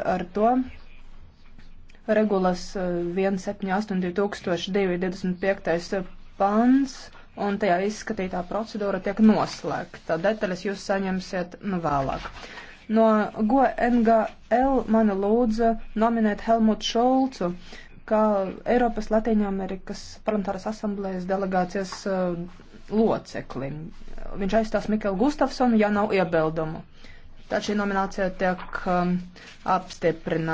ar to regulas 178.2025. Uh, uh, pants un tajā izskatītā procedūra tiek noslēgta. Detaļas jūs saņemsiet nu vēlāk. No GoNGL mani lūdza nominēt Helmutu Šolcu kā Eiropas Latīņamerikas parlamentāras asamblējas delegācijas uh, locekli. Viņš aizstās Mikelu Gustafsonu, ja nav iebildumu. Tad šī nominācija tiek um, apstiprināta.